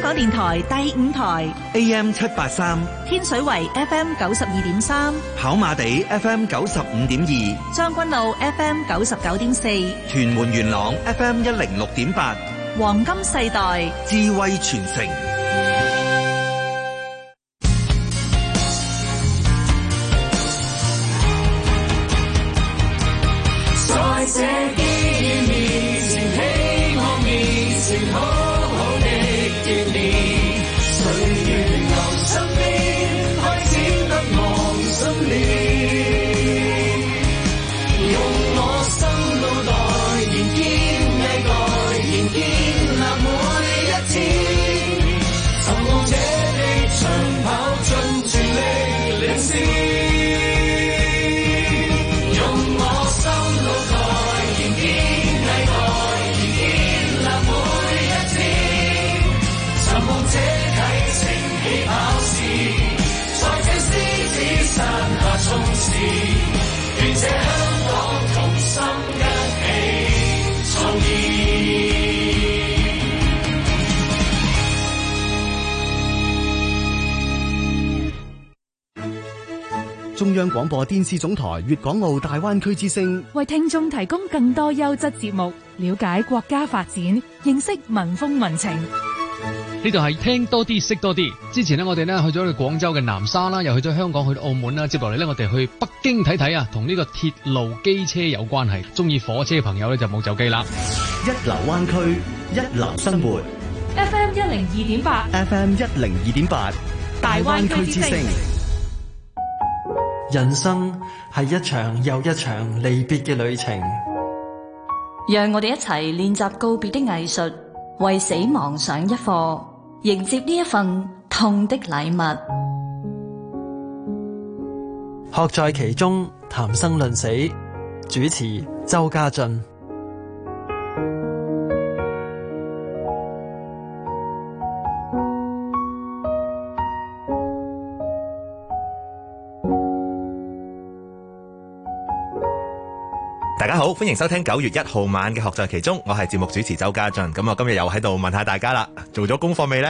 香港電台第五台 AM 七八三，AM783，天水圍 FM 九十二點三，跑馬地 FM 九十五點二，將軍澳 FM 九十九點四，屯門元朗 FM 一零六點八，黃金世代智慧傳承。將廣播電視總台粵港澳大灣區之聲為聽眾提供更多優質節目，了解國家發展，認識民風民情。呢度係聽多啲，識多啲。之前呢，我哋呢去咗去廣州嘅南沙啦，又去咗香港，去到澳門啦。接落嚟呢，我哋去北京睇睇啊，同呢個鐵路機車有關係。中意火車嘅朋友呢，就冇走機啦。一流灣區，一流生活。FM 一零二點八，FM 一零二點八，大灣區之聲。人生係一場又一場離別嘅旅程，讓我哋一齊練習告別的藝術，為死亡上一課，迎接呢一份痛的禮物。學在其中，談生論死，主持周家俊。歡迎收聽九月一號晚嘅學在其中，我係節目主持周家俊。咁我今日又喺度問下大家啦，做咗功課未呢？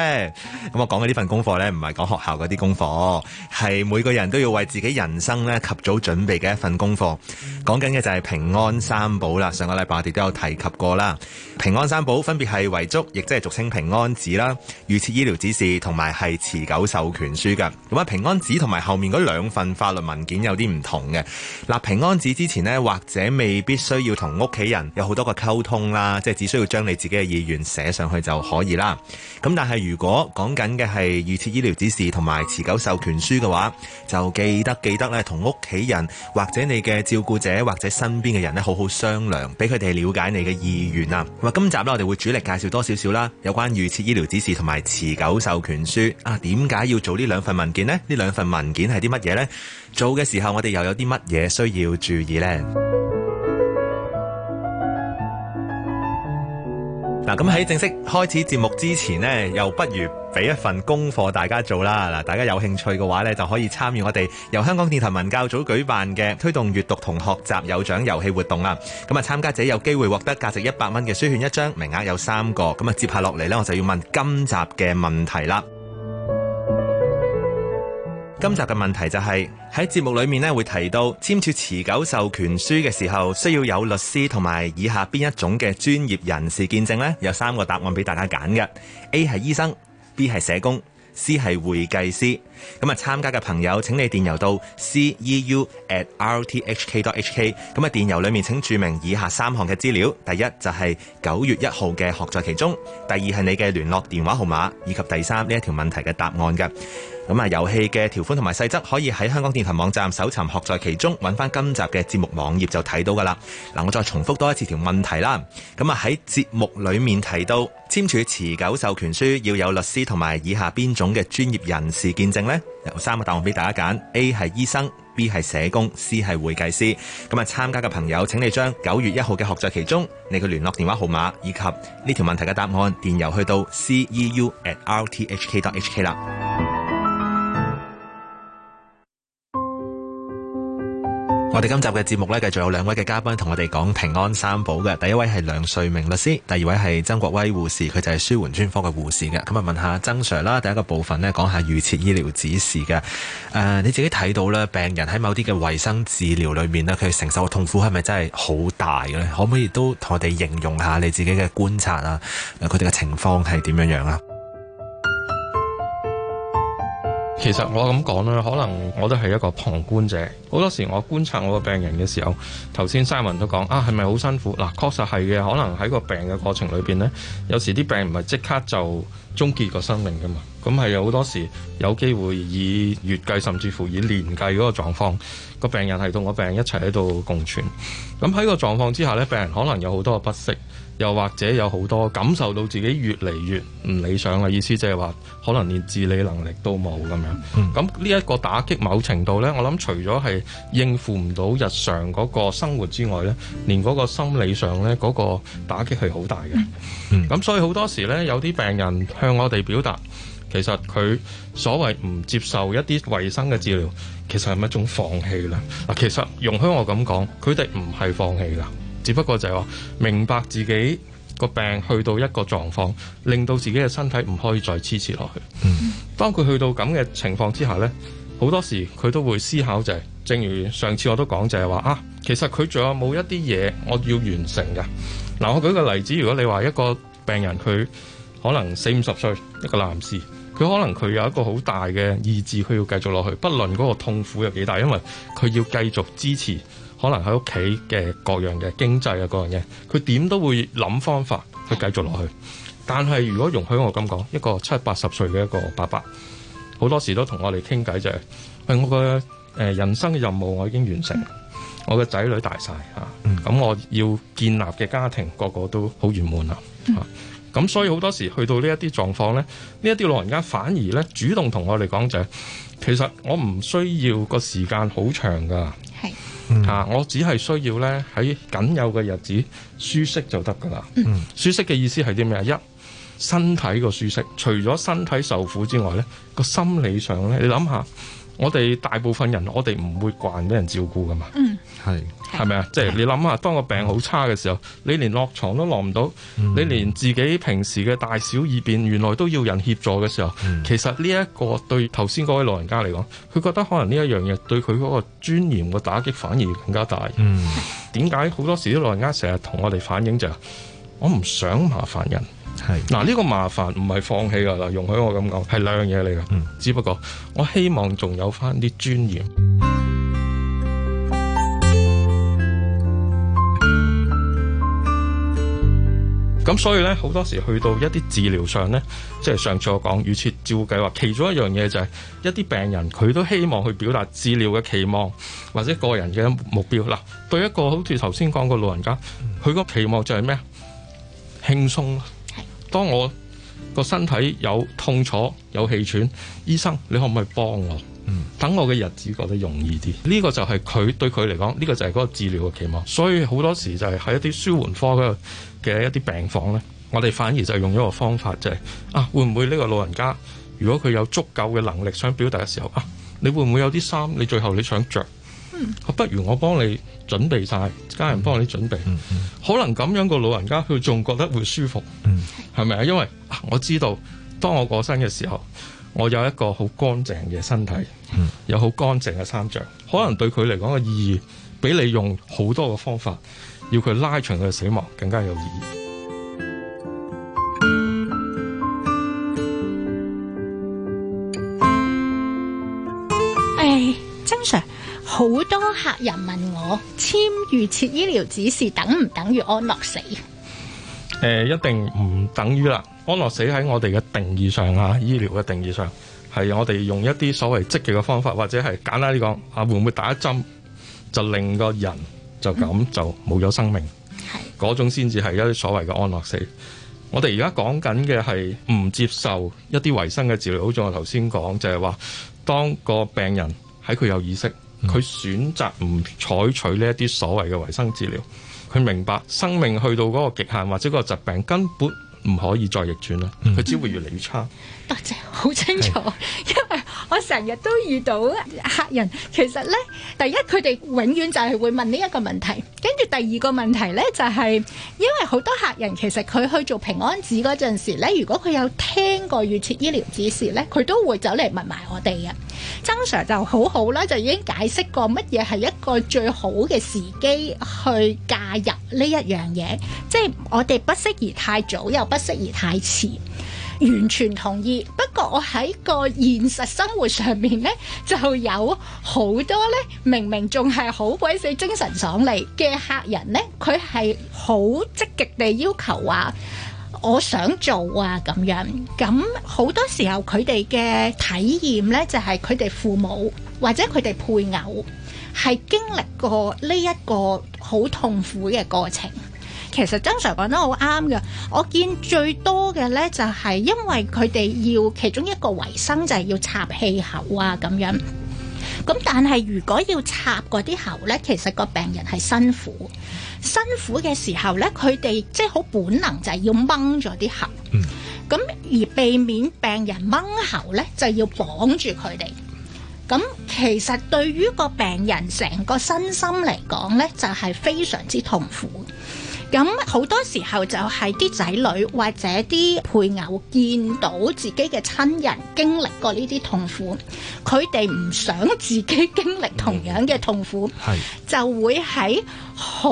咁我講嘅呢份功課呢，唔係講學校嗰啲功課，係每個人都要為自己人生呢及早準備嘅一份功課。講緊嘅就係平安三寶啦。上個禮拜我哋都有提及過啦。平安三寶分別係遺囑，亦即係俗稱平安紙啦、預設醫療指示同埋係持久授權書㗎。咁啊，平安紙同埋後面嗰兩份法律文件有啲唔同嘅。嗱，平安紙之前呢，或者未必。需要同屋企人有好多個溝通啦，即係只需要將你自己嘅意願寫上去就可以啦。咁但係如果講緊嘅係預設醫療指示同埋持久授權書嘅話，就記得記得咧，同屋企人或者你嘅照顧者或者身邊嘅人咧，好好商量，俾佢哋了解你嘅意願啊。咁啊，今集咧我哋會主力介紹多少少啦，有關預設醫療指示同埋持久授權書啊，點解要做呢兩份文件咧？呢兩份文件係啲乜嘢咧？做嘅時候我哋又有啲乜嘢需要注意咧？嗱，咁喺正式開始節目之前呢，又不如俾一份功課大家做啦。嗱，大家有興趣嘅話呢，就可以參與我哋由香港電台文教組舉辦嘅推動閱讀同學習有獎遊戲活動啊。咁啊，參加者有機會獲得價值一百蚊嘅書券一張，名額有三個。咁啊，接下落嚟呢，我就要問今集嘅問題啦。今集嘅問題就係、是、喺節目裏面咧會提到簽署持久授權書嘅時候，需要有律師同埋以下邊一種嘅專業人士見證呢？有三個答案俾大家揀嘅：A 係醫生，B 係社工，C 係會計師。咁啊，參加嘅朋友，請你電郵到 c e u at r t h k dot h k。咁啊，電郵裏面請注明以下三項嘅資料：第一就係九月一號嘅學在其中，第二係你嘅聯絡電話號碼，以及第三呢一條問題嘅答案嘅咁啊，遊戲嘅條款同埋細則可以喺香港電台網站搜尋《學在其中》，揾翻今集嘅節目網頁就睇到噶啦。嗱，我再重複多一次條問題啦。咁啊，喺節目裏面提到簽署持久授權書要有律師同埋以下邊種嘅專業人士見證呢？有三個答案俾大家揀：A 係醫生，B 係社工，C 係會計師。咁啊，參加嘅朋友請你將九月一號嘅《學在其中》你嘅聯絡電話號碼以及呢條問題嘅答案電郵去到 ceu@rthk.hk 啦。我哋今集嘅節目咧，繼續有兩位嘅嘉賓同我哋講平安三寶嘅。第一位係梁萃明律師，第二位係曾國威護士，佢就係紓緩專科嘅護士嘅。咁啊，問下曾 sir 啦，第一個部分咧，講下預設醫療指示嘅。誒、呃，你自己睇到咧，病人喺某啲嘅衛生治療裏面咧，佢承受嘅痛苦係咪真係好大嘅咧？可唔可以都同我哋形容下你自己嘅觀察啊？誒、呃，佢哋嘅情況係點樣樣啊？其實我咁講啦，可能我都係一個旁觀者。好多時我觀察我個病人嘅時候，頭先 Simon 都講啊，係咪好辛苦嗱？確實係嘅，可能喺個病嘅過程裏面呢，有時啲病唔係即刻就終結個生命噶嘛。咁係好多時有機會以月計，甚至乎以年計嗰個狀況，個病人係同我病人一齊喺度共存。咁喺個狀況之下呢，病人可能有好多個不適。又或者有好多感受到自己越嚟越唔理想嘅意思，即係話可能連自理能力都冇咁樣。咁呢一個打擊，某程度咧，我諗除咗係應付唔到日常嗰個生活之外咧，連嗰個心理上咧，嗰個打擊係好大嘅。咁、嗯、所以好多時咧，有啲病人向我哋表達，其實佢所謂唔接受一啲衛生嘅治療，其實係一種放棄啦。嗱，其實容許我咁講，佢哋唔係放棄噶。只不過就係話明白自己個病去到一個狀況，令到自己嘅身體唔可以再支持落去。嗯、當佢去到咁嘅情況之下呢，好多時佢都會思考就係、是，正如上次我都講就係、是、話啊，其實佢仲有冇一啲嘢我要完成嘅？嗱、啊，我舉個例子，如果你話一個病人佢可能四五十歲一個男士，佢可能佢有一個好大嘅意志，佢要繼續落去，不論嗰個痛苦有幾大，因為佢要繼續支持。可能喺屋企嘅各樣嘅經濟啊，各樣嘢，佢點都會諗方法去繼續落去。但係如果容許我咁講，一個七八十歲嘅一個伯伯，好多時都同我哋傾偈就係、是哎：，我個人生嘅任務我已經完成，我嘅仔女大晒，啊、嗯，咁我要建立嘅家庭個個都好圓滿啦。咁、嗯啊、所以好多時去到呢一啲狀況呢，呢一啲老人家反而呢主動同我哋講就係、是：，其實我唔需要個時間好長㗎。嗯、我只係需要咧喺僅有嘅日子舒適就得噶啦。舒適嘅意思係啲咩？一，身體個舒適，除咗身體受苦之外咧，個心理上咧，你諗下。我哋大部分人，我哋唔會慣俾人照顧噶嘛。嗯，係，係咪啊？即係你諗下，當個病好差嘅時候，嗯、你連落床都落唔到，你連自己平時嘅大小二便原來都要人協助嘅時候，嗯、其實呢一個對頭先嗰位老人家嚟講，佢覺得可能呢一樣嘢對佢嗰個尊嚴嘅打擊反而更加大。嗯，點解好多時啲老人家成日同我哋反映就係，我唔想麻煩人。係嗱，呢、啊這個麻煩唔係放棄噶，嗱，容許我咁講，係兩樣嘢嚟噶，只不過我希望仲有翻啲尊嚴。咁、嗯、所以咧，好多時去到一啲治療上咧，即係上次我講，預設照計劃，其中一樣嘢就係、是、一啲病人佢都希望去表達治療嘅期望或者個人嘅目標。嗱、啊，對一個好似頭先講個老人家，佢、嗯、個期望就係咩啊？輕鬆。當我個身體有痛楚、有氣喘，醫生你可唔可以幫我？嗯，等我嘅日子覺得容易啲。嗯，呢個就係佢對佢嚟講，呢個就係嗰個治療嘅期望。所以好多時就係喺一啲舒緩科嘅嘅一啲病房呢，我哋反而就係用咗個方法，就係啊，會唔會呢個老人家如果佢有足夠嘅能力想表達嘅時候啊，你會唔會有啲衫你最後你想着。」 不如我幫你準備晒，家人幫你準備，嗯嗯嗯、可能咁樣，個老人家佢仲覺得會舒服，係咪啊？因為我知道當我過身嘅時候，我有一個好乾淨嘅身體，嗯、有好乾淨嘅衫著，可能對佢嚟講嘅意義，比你用好多嘅方法要佢拉長佢嘅死亡更加有意義。好多客人問我簽預設醫療指示等唔等於安樂死？誒、呃，一定唔等於啦。安樂死喺我哋嘅定義上啊，醫療嘅定義上係我哋用一啲所謂積極嘅方法，或者係簡單啲講啊，會唔會打一針就令個人就咁、嗯、就冇咗生命？係嗰種先至係一啲所謂嘅安樂死。我哋而家講緊嘅係唔接受一啲維生嘅治療。好似我頭先講就係話，當個病人喺佢有意識。佢、嗯、選擇唔採取呢一啲所謂嘅維生治療，佢明白生命去到嗰個極限或者嗰個疾病根本唔可以再逆轉啦，佢、嗯、只會越嚟越差。多、嗯、謝，謝，好清楚，因為。我成日都遇到客人，其實咧，第一，佢哋永遠就係會問呢一個問題，跟住第二個問題咧就係、是、因為好多客人其實佢去做平安紙嗰陣時咧，如果佢有聽過預設醫療指示咧，佢都會走嚟問埋我哋嘅。曾 Sir 就好好啦，就已經解釋過乜嘢係一個最好嘅時機去介入呢一樣嘢，即、就、係、是、我哋不適宜太早又不適宜太遲，完全同意。不過我喺個現實生活上面咧，就有好多咧，明明仲係好鬼死精神爽利嘅客人咧，佢係好積極地要求話，我想做啊咁樣。咁好多時候佢哋嘅體驗咧，就係佢哋父母或者佢哋配偶係經歷過呢一個好痛苦嘅過程。其實，曾 Sir 講得好啱嘅。我見最多嘅咧，就係因為佢哋要其中一個維生就係要插氣喉啊，咁樣咁。但係如果要插嗰啲喉咧，其實個病人係辛苦辛苦嘅時候咧，佢哋即係好本能就係要掹咗啲喉。嗯，咁而避免病人掹喉咧，就要綁住佢哋。咁其實對於個病人成個身心嚟講咧，就係非常之痛苦。咁好多時候就係啲仔女或者啲配偶見到自己嘅親人經歷過呢啲痛苦，佢哋唔想自己經歷同樣嘅痛苦，嗯、就會喺好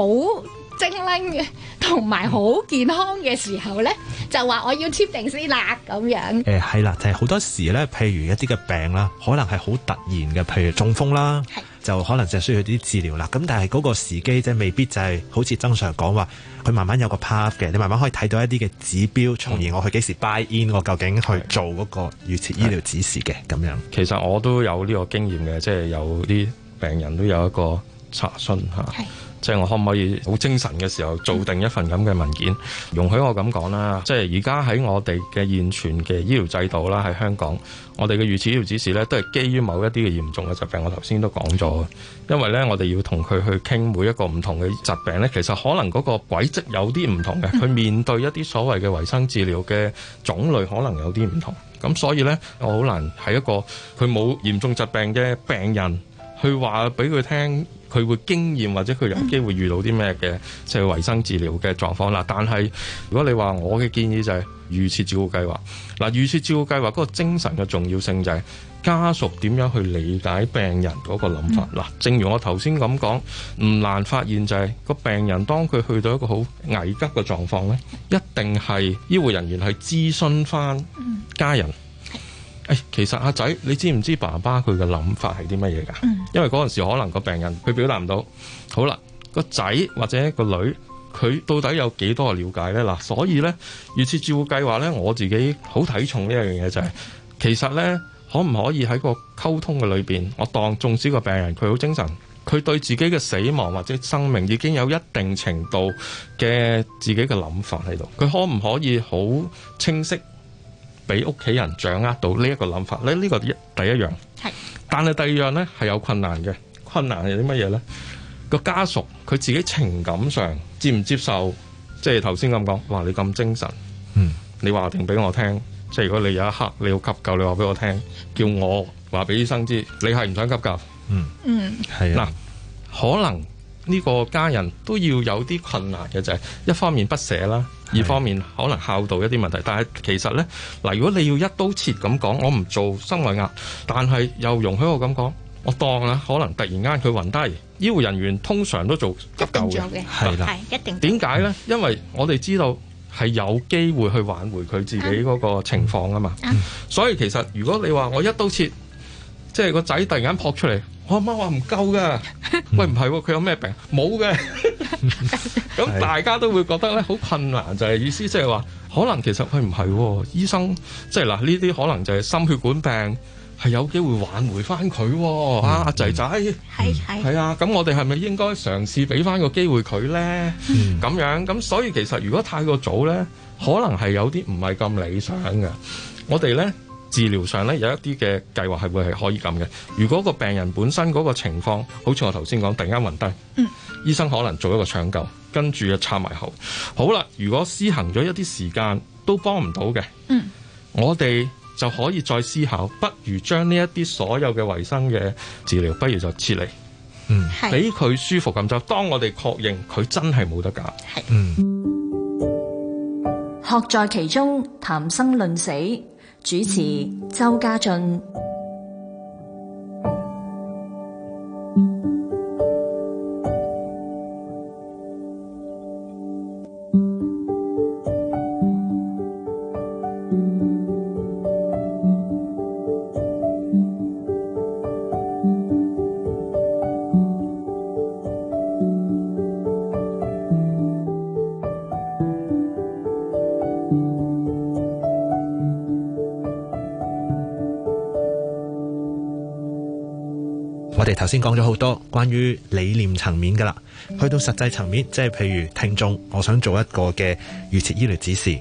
精靈嘅同埋好健康嘅時候咧，就話我要簽定先啦咁樣。係、嗯、啦，就係、是、好多時咧，譬如一啲嘅病啦，可能係好突然嘅，譬如中風啦。就可能就需要啲治療啦，咁但係嗰個時機，即係未必就係、是、好似曾 sir 講話，佢慢慢有個 path 嘅，你慢慢可以睇到一啲嘅指標，從而我去幾時 buy in，我究竟去做嗰個預設醫療指示嘅咁樣。其實我都有呢個經驗嘅，即係有啲病人都有一個查詢吓。即係我可唔可以好精神嘅時候做定一份咁嘅文件？嗯、容許我咁講啦，即係而家喺我哋嘅現存嘅醫療制度啦，喺香港，我哋嘅預設醫療指示呢，都係基於某一啲嘅嚴重嘅疾病。我頭先都講咗，因為呢，我哋要同佢去傾每一個唔同嘅疾病，呢其實可能嗰個軌跡有啲唔同嘅，佢面對一啲所謂嘅維生治療嘅種類，可能有啲唔同。咁所以呢，我好難係一個佢冇嚴重疾病嘅病人去話俾佢聽。佢會經驗或者佢有機會遇到啲咩嘅，就係、是、維生治療嘅狀況啦。但係如果你話我嘅建議就係預設照顧計劃。嗱，預設照顧計劃嗰個精神嘅重要性就係家屬點樣去理解病人嗰個諗法啦、嗯。正如我頭先咁講，唔、嗯、難發現就係、是、個病人當佢去到一個好危急嘅狀況咧，一定係醫護人員去諮詢翻家人。嗯。哎、其實阿仔，你知唔知爸爸佢嘅諗法係啲乜嘢噶？因為嗰陣時可能個病人佢表達唔到，好啦，個仔或者個女佢到底有幾多嘅了解呢？嗱，所以呢，預設照顧計劃呢，我自己好睇重呢樣嘢就係、是嗯，其實呢，可唔可以喺個溝通嘅裏邊，我當縱使個病人，佢好精神，佢對自己嘅死亡或者生命已經有一定程度嘅自己嘅諗法喺度，佢可唔可以好清晰？俾屋企人掌握到呢一個諗法咧，呢個一第一樣係，但係第二樣呢係有困難嘅，困難係啲乜嘢呢？個家屬佢自己情感上接唔接受，即係頭先咁講，哇你咁精神，嗯，你話定俾我聽，即係如果你有一刻你要急救，你話俾我聽，叫我話俾醫生知，你係唔想急救，嗯嗯，係嗱，可能呢個家人都要有啲困難嘅就係一方面不捨啦。二方面可能效到一啲問題，但係其實呢，嗱，如果你要一刀切咁講，我唔做心外壓，但係又容許我咁講，我當啦、啊，可能突然間佢暈低，醫護人員通常都做急救嘅，係啦，係一定。點解呢、嗯？因為我哋知道係有機會去挽回佢自己嗰個情況啊嘛、嗯，所以其實如果你話我一刀切，即係個仔突然間撲出嚟，我媽話唔救噶、嗯，喂唔係，佢有咩病？冇嘅。 咁 大家都會覺得咧好困難，就係意思即係話，可能其實佢唔係醫生，即係嗱呢啲可能就係心血管病，係有機會挽回翻佢啊，仔仔係係啊，咁、嗯啊、我哋係咪應該嘗試俾翻個機會佢咧？咁、嗯、樣咁，所以其實如果太過早咧，可能係有啲唔係咁理想嘅。我哋咧治療上咧有一啲嘅計劃係會係可以咁嘅。如果個病人本身嗰個情況，好似我頭先講突然間暈低。嗯醫生可能做一個搶救，跟住又插埋喉。好啦，如果施行咗一啲時間都幫唔到嘅，嗯，我哋就可以再思考，不如將呢一啲所有嘅衛生嘅治療，不如就撤離，嗯，俾佢舒服咁就。當我哋確認佢真係冇得揀，係，嗯，學在其中，談生論死，主持周家俊。我哋頭先講咗好多關於理念層面噶啦，去到實際層面，即係譬如聽眾，我想做一個嘅預設醫療指示，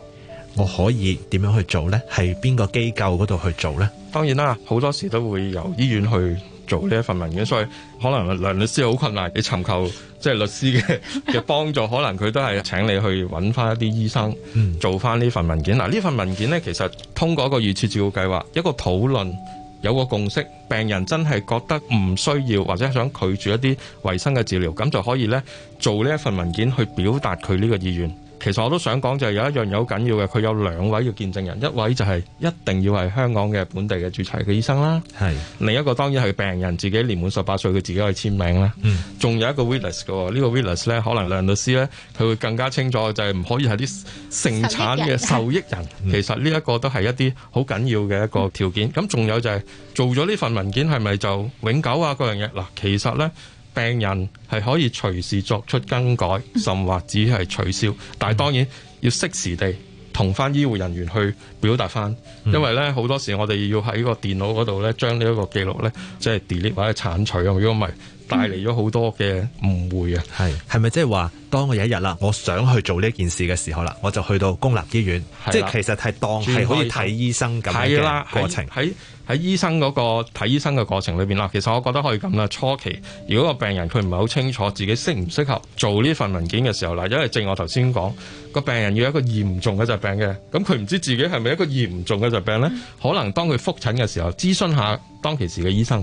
我可以點樣去做呢？係邊個機構嗰度去做呢？當然啦，好多時都會由醫院去做呢一份文件，所以可能梁律師好困難，你尋求即係律師嘅嘅幫助，可能佢都係請你去揾翻一啲醫生做翻呢份文件。嗱、嗯，呢份文件呢，其實通過一個預設照顧計劃，一個討論。有個共識，病人真係覺得唔需要或者想拒絕一啲維生嘅治療，咁就可以呢做呢一份文件去表達佢呢個意願。其實我都想講就係有一樣嘢好緊要嘅，佢有兩位嘅見證人，一位就係一定要係香港嘅本地嘅註冊嘅醫生啦。係另一個當然係病人自己年滿十八歲，佢自己去簽名啦。嗯，仲有一個 witness 嘅喎，這個、呢個 witness 咧，可能梁律師咧，佢會更加清楚就係、是、唔可以係啲盛產嘅受益人。是的，其實呢一個都係一啲好緊要嘅一個條件。咁、嗯、仲有就係、是、做咗呢份文件係咪就永久啊？嗰樣嘢嗱，其實咧。病人係可以隨時作出更改，甚或只係取消，但係當然要適時地同翻醫護人員去表達翻，因為咧好多時我哋要喺個電腦嗰度咧將呢一個記錄咧即係 delete 或者刪除，如果唔係。帶嚟咗好多嘅誤會啊！係係咪即係話，當我有一日啦，我想去做呢件事嘅時候啦，我就去到公立醫院，即係其實係當係可以睇醫生咁嘅過程。喺喺醫生嗰個睇醫生嘅過程裏邊啦，其實我覺得可以咁啦。初期如果個病人佢唔係好清楚自己適唔適合做呢份文件嘅時候啦，因為正如我頭先講個病人要一個嚴重嘅疾病嘅，咁佢唔知自己係咪一個嚴重嘅疾病咧，可能當佢復診嘅時候，諮詢下。當其時嘅醫生，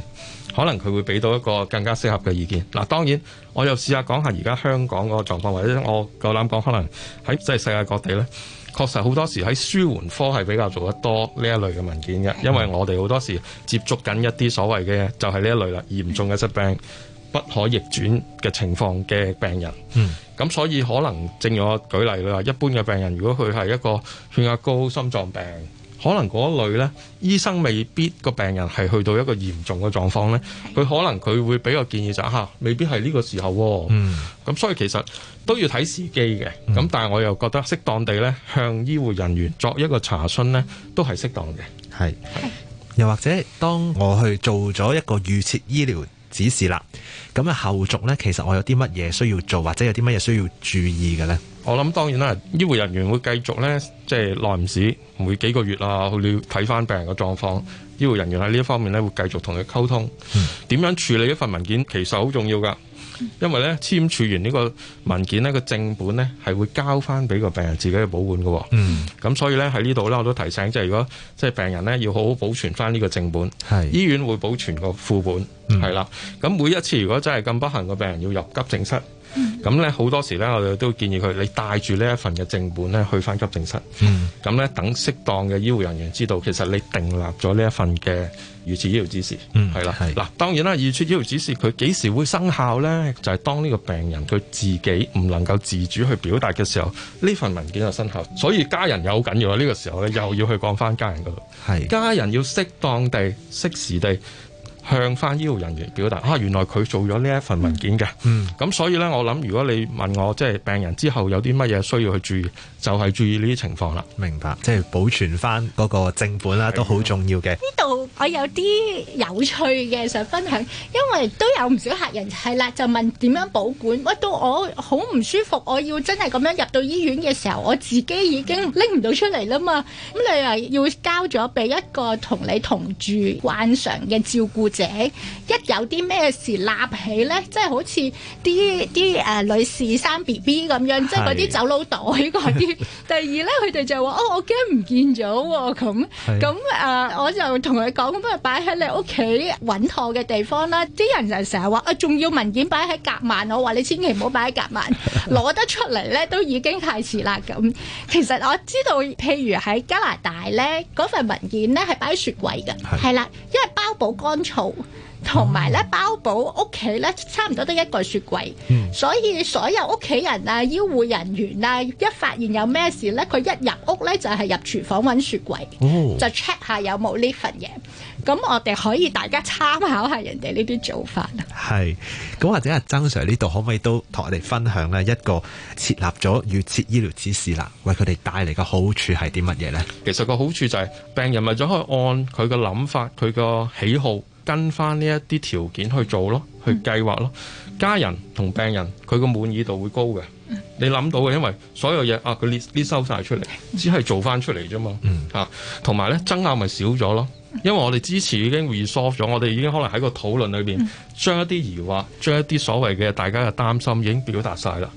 可能佢會俾到一個更加適合嘅意見。嗱，當然，我又試，試下講下而家香港嗰個狀況，或者我夠膽講，可能喺世界各地呢，確實好多時喺舒緩科係比較做得多呢一類嘅文件嘅、嗯，因為我哋好多時接觸緊一啲所謂嘅就係、是、呢一類啦，嚴重嘅疾病不可逆轉嘅情況嘅病人。嗯，咁所以可能正如我舉例，你話一般嘅病人，如果佢係一個血壓高、心臟病。可能嗰類咧，醫生未必個病人係去到一個嚴重嘅狀況咧，佢可能佢會俾個建議就吓，啊，未必係呢個時候。咁，嗯，所以其實都要睇時機嘅。咁，嗯，但係我又覺得適當地咧，向醫護人員作一個查詢咧，都係適當嘅。係，又或者當我去做咗一個預設醫療指示啦，咁啊後續咧，其實我有啲乜嘢需要做，或者有啲乜嘢需要注意嘅咧？我諗當然啦，醫護人員會繼續咧，即係耐唔時每幾個月啊去睇翻病人嘅狀況。醫護人員喺呢一方面咧，會繼續同佢溝通，點、嗯、樣處理一份文件其實好重要噶，因為咧簽署完呢個文件，呢個正本咧係會交翻俾個病人自己去保管噶、哦。咁、嗯、所以咧喺呢度咧我都提醒，即係如果即係病人咧要好好保存翻呢個正本。醫院會保存個副本係啦。咁、嗯、每一次如果真係咁不幸個病人要入急症室。咁咧好多時咧，我哋都建議佢，你帶住呢一份嘅正本咧去翻急症室。咁咧等適當嘅醫護人員知道，其實你訂立咗呢一份嘅預設醫療指示。係、嗯、啦，嗱，當然啦，預設醫療指示佢幾時會生效咧？就係、是、當呢個病人佢自己唔能夠自主去表達嘅時候，呢份文件就生效。所以家人又好緊要啊！呢、這個時候咧，又要去講翻家人嗰度。係，家人要適當地、適時地。向翻醫護人員表達啊！原來佢做咗呢一份文件嘅，咁、嗯嗯、所以呢，我諗如果你問我，即係病人之後有啲乜嘢需要去注意，就係、是、注意呢啲情況啦。明白，即係保存翻嗰個正本啦、啊，都好重要嘅。呢度我有啲有趣嘅想分享，因為都有唔少客人係啦，就問點樣保管？我到我好唔舒服，我要真係咁樣入到醫院嘅時候，我自己已經拎唔到出嚟啦嘛。咁你又要交咗俾一個同你同住慣常嘅照顧。者一有啲咩事立起咧，即係好似啲啲誒女士生 B B 咁樣，即係嗰啲走佬袋嗰啲。 第二咧，佢哋就話：哦，我驚唔見咗喎咁咁誒我就同佢講：，咁不如擺喺你屋企穩妥嘅地方啦。啲人就成日話：啊，重要文件擺喺夾萬，我話你千祈唔好擺喺夾萬，攞 得出嚟咧都已經太遲啦。咁其實我知道，譬如喺加拿大咧，嗰份文件咧係擺喺雪櫃㗎，係啦，因為包保乾燥。同埋咧，包保屋企咧，差唔多得一個雪櫃，嗯，所以所有屋企人啊、醫護人員啊，一發現有咩事咧，佢一入屋咧就係入廚房揾雪櫃，就 check，是哦，下有冇呢份嘢。咁我哋可以大家參考下人哋呢啲做法啊。係，咁或者阿曾 Sir 呢度可唔可以都同我哋分享咧一個設立咗預設醫療指示啦，為佢哋帶嚟嘅好處係啲乜嘢咧？其實個好處就係病人咪就可以按佢嘅諗法、佢嘅喜好。跟翻呢一啲條件去做咯，去計劃咯，嗯，家人。同病人佢個滿意度會高嘅、嗯，你諗到嘅，因為所有嘢啊，佢列列收晒出嚟，只係做翻出嚟啫嘛，吓、嗯，同埋咧爭拗咪少咗咯，因為我哋之前已經 resolve 咗，我哋已經可能喺個討論裏邊將、嗯、一啲疑惑、將一啲所謂嘅大家嘅擔心已經表達晒啦，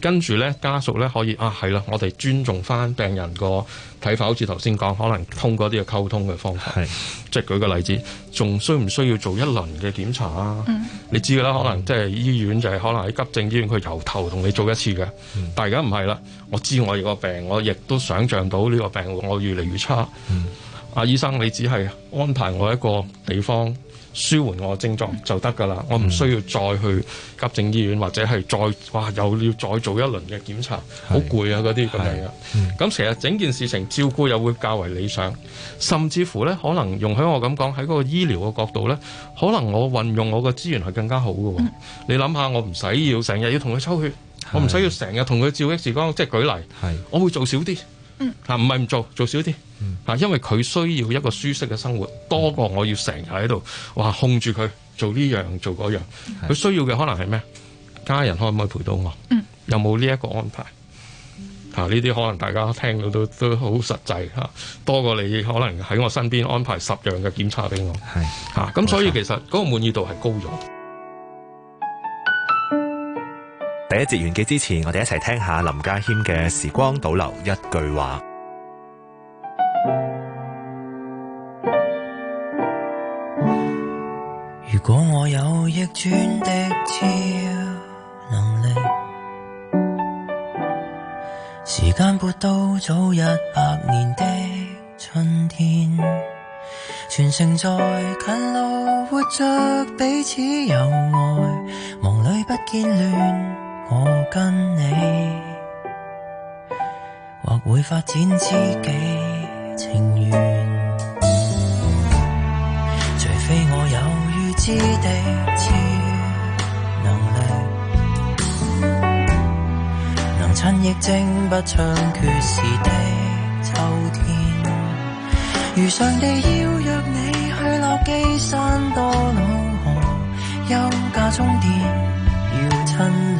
跟住咧家屬咧可以啊，係啦，我哋尊重翻病人個睇法，好似頭先講可能通過啲嘅溝通嘅方法，是即係舉個例子，仲需唔需要做一輪嘅檢查啊，嗯？你知嘅啦，可能即係醫院就係。可能喺急症醫院佢由頭同你做一次嘅，但而家唔係啦。我知我而個病，我亦都想象到呢個病我越嚟越差。阿、嗯啊、醫生，你只係安排我一個地方。舒緩我嘅症狀就得噶啦，我唔需要再去急症醫院，或者係再，哇，又要再做一輪嘅檢查，好攰啊嗰啲咁樣啊。咁、嗯、其實整件事情照顧又會較為理想，甚至乎咧可能容許我咁講喺嗰個醫療嘅角度咧，可能我運用我嘅資源係更加好嘅。你諗下，我唔使要成日要同佢抽血，我唔使要成日同佢照 X 光，即、就、係、是、舉例是，我會做少啲。嗯、啊，唔係唔做，做少啲、啊，因為佢需要一個舒適嘅生活，多過我要成日喺度，哇，控住佢做呢樣做嗰樣，佢需要嘅可能係咩？家人可唔可以陪到我？嗯、有冇呢一個安排？啊，呢啲可能大家聽到都都好實際吓、啊，多過你可能喺我身邊安排十樣嘅檢查俾我，係，咁、啊、所以其實嗰個滿意度係高咗。第一節完結之前，我哋一齊聽下林家謙嘅《時光倒流》一句話。如果我有逆轉的超能力，時間撥到早一百年的春天，全城在近路活著，彼此有愛，夢裏不見亂。我跟你，或會發展知己情緣，除非我有預知的超能力，能親歷正不猖獗時的秋天。如上帝邀約你去落基山多瑙河休假充電，要親。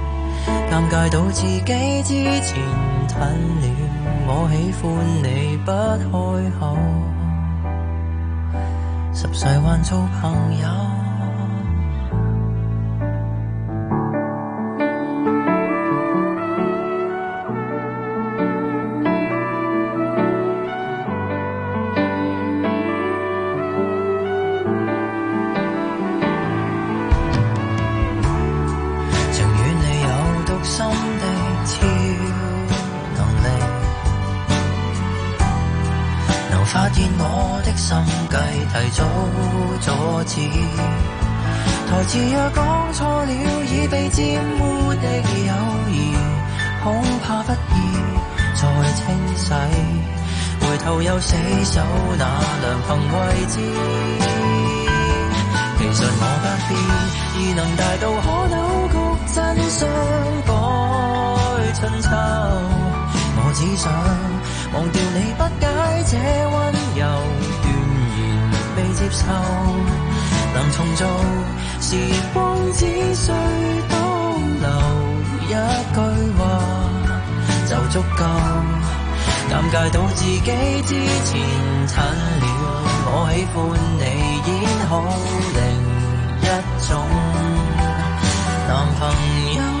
尷尬到自己之前吞了，我喜歡你不開口，十世還做朋友。我發現我的心計提早阻止，台詞若講錯了，已被玷污的友誼恐怕不易再清洗。回頭又死守那良朋位置，其實我不變，異能大到可扭曲真相改春秋。我只想。忘掉你不解這温柔，斷然未接受。能重做時光水，只需多留一句話就足夠。尷尬到自己之前蠢了，我喜歡你演好另一種男朋友。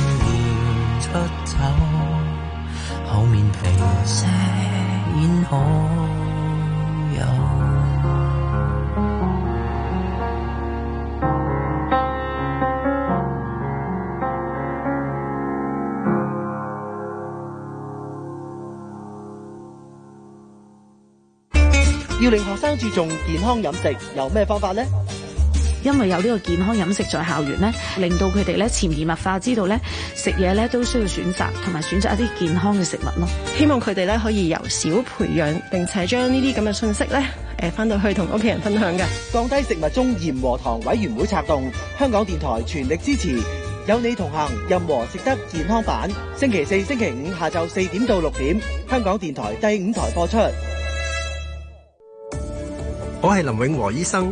要令學生注重健康飲食，有咩方法呢？因為有呢個健康飲食在校園咧，令到佢哋咧潛移默化知道咧食嘢咧都需要選擇，同埋選擇一啲健康嘅食物咯。希望佢哋咧可以由小培養，並且將呢啲咁嘅信息咧返翻到去同屋企人分享嘅。降低食物中鹽和糖委員會策動，香港電台全力支持，有你同行。任何食得健康版，星期四、星期五下晝四點到六點，香港電台第五台播出。我係林永和醫生。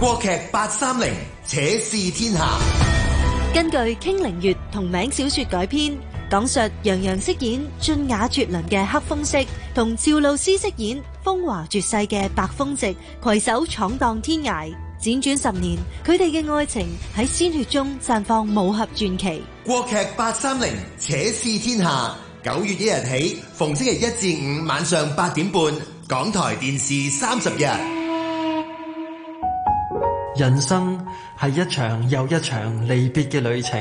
國劇八三零《且試天下》，根據《傾靈月》同名小說改編，講述楊洋飾演俊雅絕倫嘅黑風息，同趙露思飾演風華絕世嘅白風夕，携手闖蕩天涯，輾轉十年，佢哋嘅愛情喺鮮血中綻放武俠傳奇。國劇八三零《且試天下》，九月一日起，逢星期一至五晚上八點半，港台電視三十日。人生係一場又一場離別嘅旅程，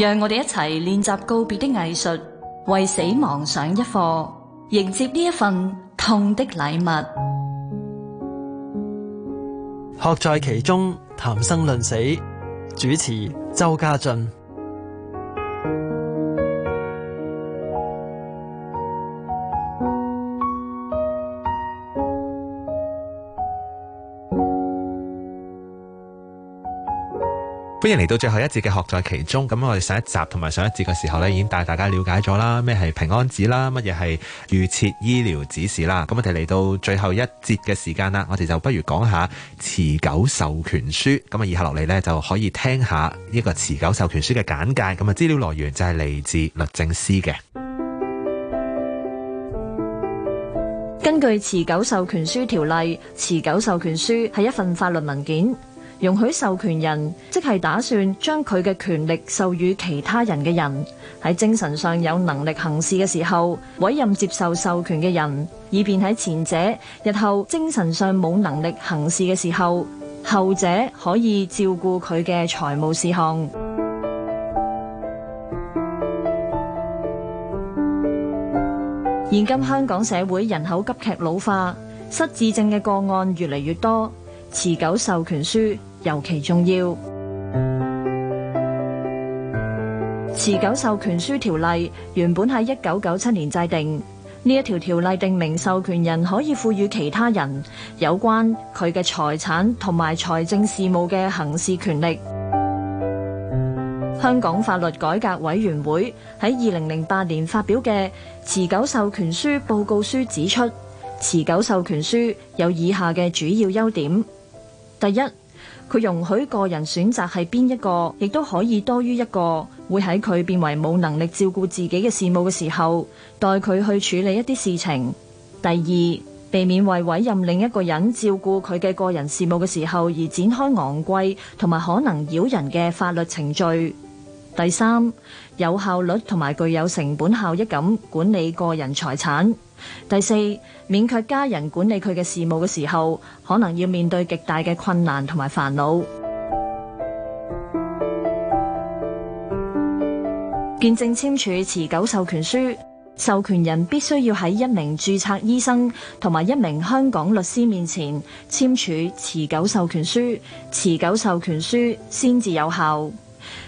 讓我哋一齊練習告別的藝術，為死亡上一課，迎接呢一份痛的禮物。學在其中，談生論死。主持周家俊。歡迎嚟到最後一節嘅學在其中，咁我哋上一集同埋上一節嘅時候呢，已經帶大家了解咗啦，咩係平安紙啦，乜嘢係預設醫療指示啦，咁我哋嚟到最後一節嘅時間啦，我哋就不如講下持久授權書，咁啊，以下落嚟呢，就可以聽下呢個持久授權書嘅簡介，咁啊，資料來源就係嚟自律政司嘅。根據《持久授權書條例》，持久授權書係一份法律文件。容許授權人，即係打算將佢嘅權力授予其他人嘅人，喺精神上有能力行事嘅時候，委任接受授權嘅人，以便喺前者日後精神上冇能力行事嘅時候，後者可以照顧佢嘅財務事項。現今香港社會人口急劇老化，失智症嘅個案越嚟越多，持久授權書尤其重要。持久授權書條例原本喺一九九七年制定，呢一條條例定明授權人可以賦予其他人有關佢嘅財產同埋財政事務嘅行事權力。香港法律改革委員會喺二零零八年發表嘅《持久授權書報告書》指出，持久授權書有以下嘅主要優點。第一。佢容許個人選擇係邊一個，亦都可以多於一個，會喺佢變為冇能力照顧自己嘅事務嘅時候，代佢去處理一啲事情。第二，避免為委任另一個人照顧佢嘅個人事務嘅時候而展開昂貴同埋可能擾人嘅法律程序。第三，有效率同埋具有成本效益咁管理個人財產。第四，勉強家人管理佢嘅事務嘅時候，可能要面對極大嘅困難同埋煩惱。見證簽署持久授權書，授權人必須要喺一名注冊醫生同埋一名香港律師面前簽署持久授權書，持久授權書先至有效。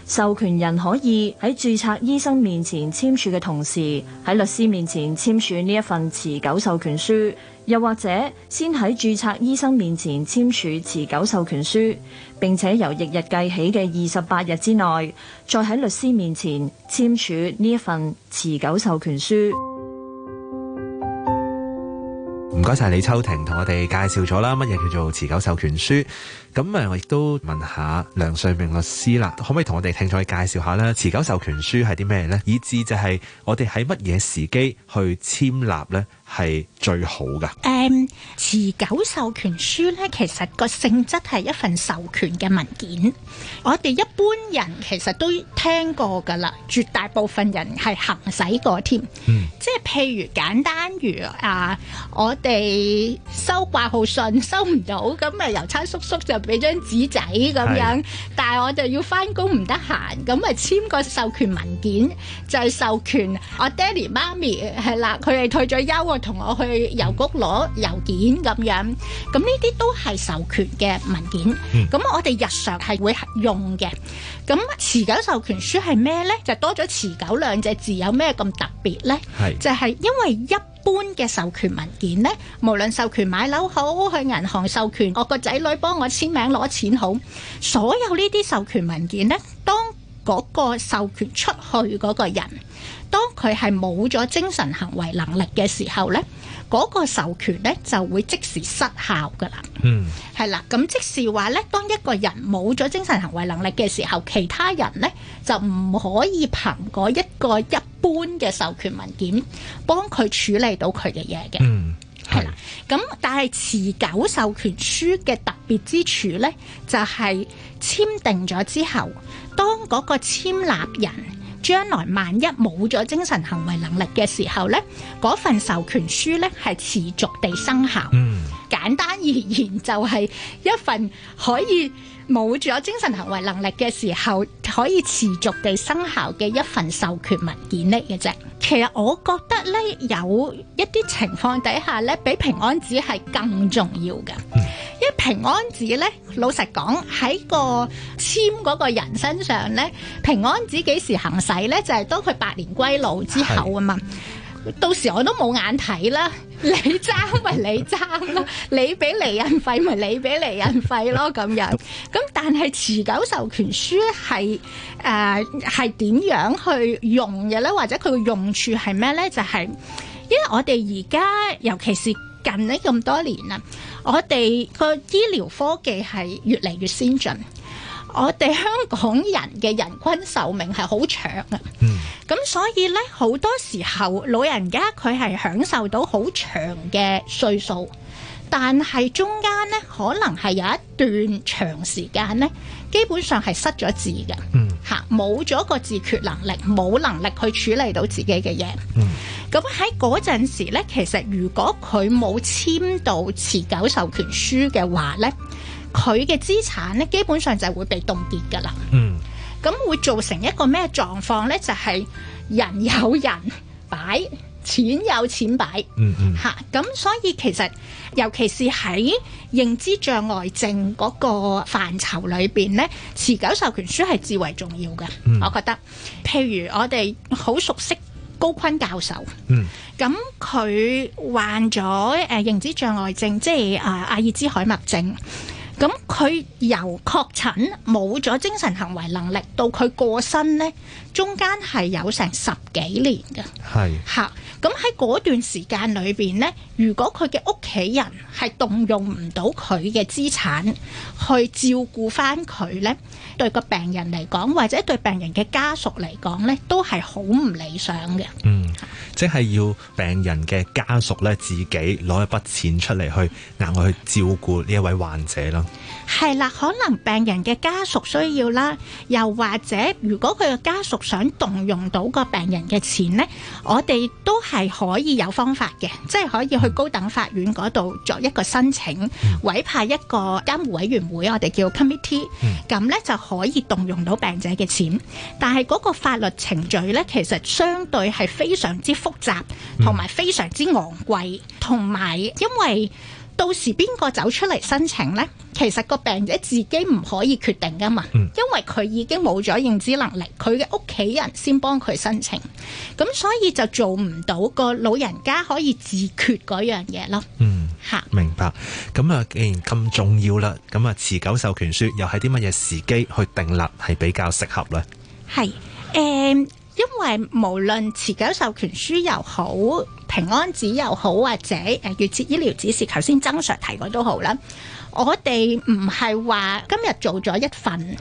授權人可以喺註冊醫生面前簽署嘅同時，喺律師面前簽署呢一份持久授權書，又或者先喺註冊醫生面前簽署持久授權書，並且由翌日計起嘅二十八日之內，再喺律師面前簽署呢一份持久授權書。唔該曬李秋婷同我哋介紹咗啦，乜嘢叫做持久授權書？咁誒，我亦都問下梁萃明律師啦，可唔可以同我哋聽眾介紹下咧？持久授權書係啲咩呢？以至就係我哋喺乜嘢時機去簽立呢？係最好噶。誒，持久授權書咧，其實個性質係一份授權嘅文件。我哋一般人其實都聽過噶啦，絕大部分人係行使過添。嗯，即係譬如簡單如啊，我哋收掛號信收唔到，咁啊郵差叔叔就俾張紙仔咁樣。但係我就要返工唔得閒，咁啊簽個授權文件，就係授權我爹哋媽咪係啦，佢哋退咗休。同我去郵局攞郵件咁樣，咁呢啲都係授權嘅文件。咁我哋日常係會用嘅。咁持久授權書係咩呢？就多咗持久兩隻字，有咩咁特別呢？係就係因為一般嘅授權文件呢，無論授權買樓好，去銀行授權我個仔女幫我簽名攞錢好，所有呢啲授權文件呢，當。嗰個授權出去嗰個人，當佢係冇咗精神行為能力嘅時候，呢嗰個授權呢就會即時失效噶啦。嗯，係啦，咁即是話呢，當一個人冇咗精神行為能力嘅時候，其他人呢就唔可以憑嗰一個一般嘅授權文件幫佢處理到佢嘅嘢嘅。嗯。係啦，咁但係持久授權書嘅特別之處咧，就係簽訂咗之後，當嗰個簽立人將來萬一冇咗精神行為能力嘅時候咧，嗰份授權書咧係持續地生效。嗯簡單而言，就係一份可以冇咗精神行為能力嘅時候，可以持續地生效嘅一份授權文件嚟嘅啫。其實我覺得咧，有一啲情況底下咧，比平安紙係更重要嘅。因為平安紙咧，老實講喺個簽嗰個人身上咧，平安紙幾時行使咧，就係當佢百年歸老之後啊嘛。到時我都冇眼睇啦，你爭咪你爭咯，你俾厘印費咪你俾厘印費咯咁樣。咁但係持久授權書係誒係點樣去用嘅咧？或者佢嘅用處係咩咧？就係因為我哋而家尤其是近呢咁多年啦，我哋個醫療科技係越嚟越先進。我哋香港人嘅人均壽命係好長啊，咁、嗯、所以咧好多時候老人家佢係享受到好長嘅歲數，但係中間咧可能係有一段長時間咧，基本上係失咗智嘅，吓冇咗個自決能力，冇能力去處理到自己嘅嘢。咁喺嗰陣時咧，其實如果佢冇簽到持久授權書嘅話咧。佢嘅資產咧，基本上就會被凍結㗎喇。嗯，咁會造成一個咩狀況呢？就係、是、人有人擺，錢有錢擺。嗯嗯，嚇、啊，咁所以其實尤其是喺認知障礙症嗰個範疇裏邊咧，持久授權書係至為重要嘅、嗯。我覺得，譬如我哋好熟悉高錕教授。嗯，咁佢患咗誒、呃、認知障礙症，即係、呃、阿阿爾茲海默症。咁佢由確診冇咗精神行為能力到佢過身呢，中間係有成十幾年嘅，係吓。咁喺嗰段時間裏邊咧，如果佢嘅屋企人係動用唔到佢嘅資產去照顧翻佢咧，對個病人嚟講，或者對病人嘅家屬嚟講咧，都係好唔理想嘅。嗯，即係要病人嘅家屬咧自己攞一筆錢出嚟去，嗱，我去照顧呢一位患者咯。係啦，可能病人嘅家屬需要啦，又或者如果佢嘅家屬想動用到個病人嘅錢咧，我哋都係。係可以有方法嘅，即係可以去高等法院嗰度作一個申請，委派一個監護委員會，我哋叫 committee，咁呢就可以動用到病者嘅錢。但係嗰個法律程序呢，其實相對係非常之複雜，同埋非常之昂貴，同埋因為。到時邊個走出嚟申請呢？其實個病者自己唔可以決定噶嘛，嗯，因為佢已經冇咗認知能力，佢嘅屋企人先幫佢申請，咁所以就做唔到個老人家可以自決嗰樣嘢咯。嗯，明白。咁啊，既然咁重要啦，咁啊，持久授權書又係啲乜嘢時機去訂立係比較適合呢？係誒。嗯因為無論持久授權書又好，平安紙又好，或者誒預設醫療指示，是頭先曾 sir 提過都好啦。我哋唔係話今日做咗一份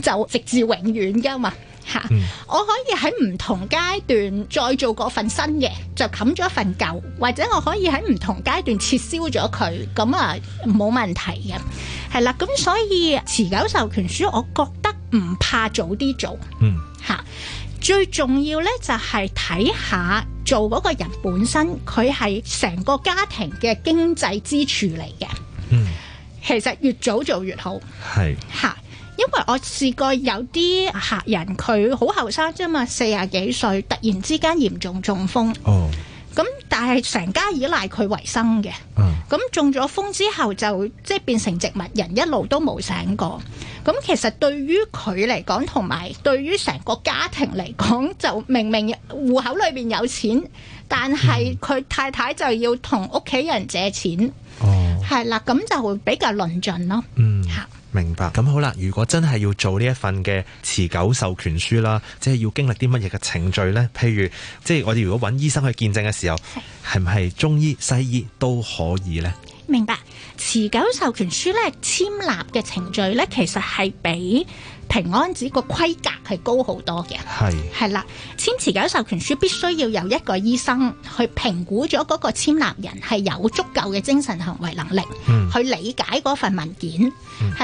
就直至永遠噶嘛吓、嗯，我可以喺唔同階段再做嗰份新嘅，就冚咗一份舊，或者我可以喺唔同階段撤銷咗佢，咁啊冇問題嘅係啦。咁所以持久授權書，我覺得唔怕早啲做，嗯吓。嗯最重要咧就係睇下做嗰個人本身，佢係成個家庭嘅經濟支柱嚟嘅。嗯，其實越早做越好。係吓，因為我試過有啲客人佢好後生啫嘛，四十幾歲突然之間嚴重中風。哦。咁但係成家依賴佢為生嘅，咁中咗風之後就即係變成植物人，一路都冇醒過。咁其實對於佢嚟講，同埋對於成個家庭嚟講，就明明戶口裏邊有錢，但係佢太太就要同屋企人借錢，係、嗯、啦，咁就會比較論盡咯。嗯，嚇。明白，咁好啦。如果真係要做呢一份嘅持久授權書啦，即係要經歷啲乜嘢嘅程序呢？譬如，即係我哋如果揾醫生去見證嘅時候，係唔係中醫西醫都可以呢？明白，持久授權書咧簽立嘅程序咧，其實係畀。平安紙個規格係高好多嘅，係係啦，簽持久授權書必須要有一個醫生去評估咗嗰個簽立人係有足夠嘅精神行為能力，嗯、去理解嗰份文件係、